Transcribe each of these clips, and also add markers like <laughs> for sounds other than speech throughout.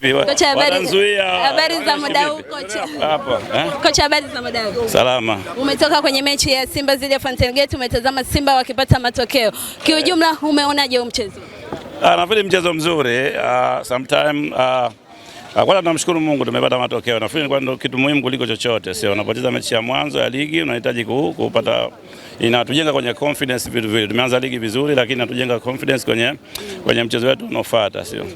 Kocha habari za muda huu eh? kocha? habari za muda huu? Salama. Umetoka kwenye mechi ya Simba zidi ya Fountain Gate, umetazama Simba wakipata matokeo. Kiujumla umeonaje mchezo? Ah, nafikiri mchezo mzuri. Ah, sometime ah, ah kwanza tunamshukuru Mungu tumepata matokeo. Nafikiri ilikuwa ndio kitu muhimu kuliko chochote, sio? Unapoteza mechi ya mwanzo ya ligi unahitaji kupata, inatujenga kwenye confidence vitu vile. Tumeanza ligi vizuri, lakini inatujenga confidence kwenye, kwenye mchezo wetu unaofuata, sio?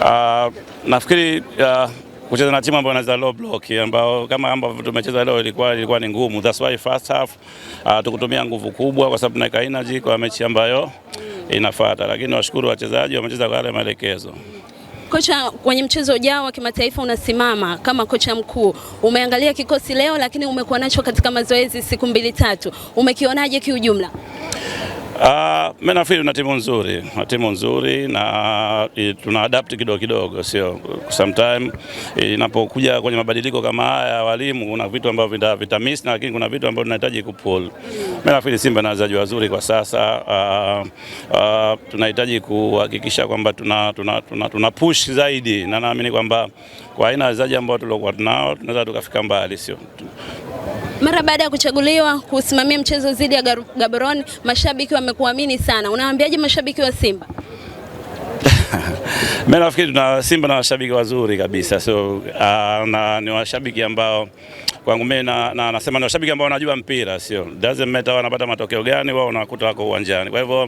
Uh, nafikiri uh, kucheza na timu ambayo inacheza low block ambao kama ambavyo tumecheza leo ilikuwa ilikuwa ni ngumu. That's why first half uh, tukutumia nguvu kubwa kwa sababu tunaweka energy kwa mechi ambayo inafuata, lakini washukuru wachezaji wamecheza kwa yale maelekezo. Kocha, kwenye mchezo ujao wa kimataifa unasimama kama kocha mkuu, umeangalia kikosi leo, lakini umekuwa nacho katika mazoezi siku mbili tatu, umekionaje kiujumla? Uh, mimi nafikiri na timu nzuri, na timu nzuri na tuna adapt kidogo kidogo, sio sometime inapokuja kwenye mabadiliko kama haya walimu, kuna vitu ambavyo vita, vita miss, na lakini kuna vitu ambavyo tunahitaji kupull. Mimi nafikiri Simba na wachezaji wazuri kwa sasa. Uh, uh, tunahitaji kuhakikisha kwamba tuna, tuna, tuna, tuna push zaidi na naamini kwamba kwa aina ya wachezaji ambao tuliokuwa tunao tunaweza tukafika mbali, sio mara baada ya kuchaguliwa kusimamia mchezo dhidi ya Gaborone, mashabiki wamekuamini sana. Unawaambiaje mashabiki wa Simba? <laughs> Mimi nafikiri tuna Simba na washabiki wazuri kabisa, so uh, na ni washabiki ambao kwangu mimi na, na, nasema ni washabiki ambao wanajua mpira, sio doesn't matter wanapata matokeo gani, wao wanakuta wako uwanjani. Kwa hivyo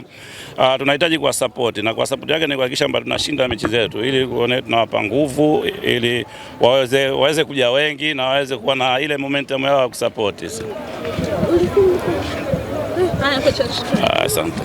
uh, tunahitaji kuwa support na kwa support yake ni kuhakikisha kwamba tunashinda mechi zetu, ili kuone tunawapa nguvu, ili waweze waweze kuja wengi na waweze kuwa na ile momentum yao ya kusupport. Ah, asante.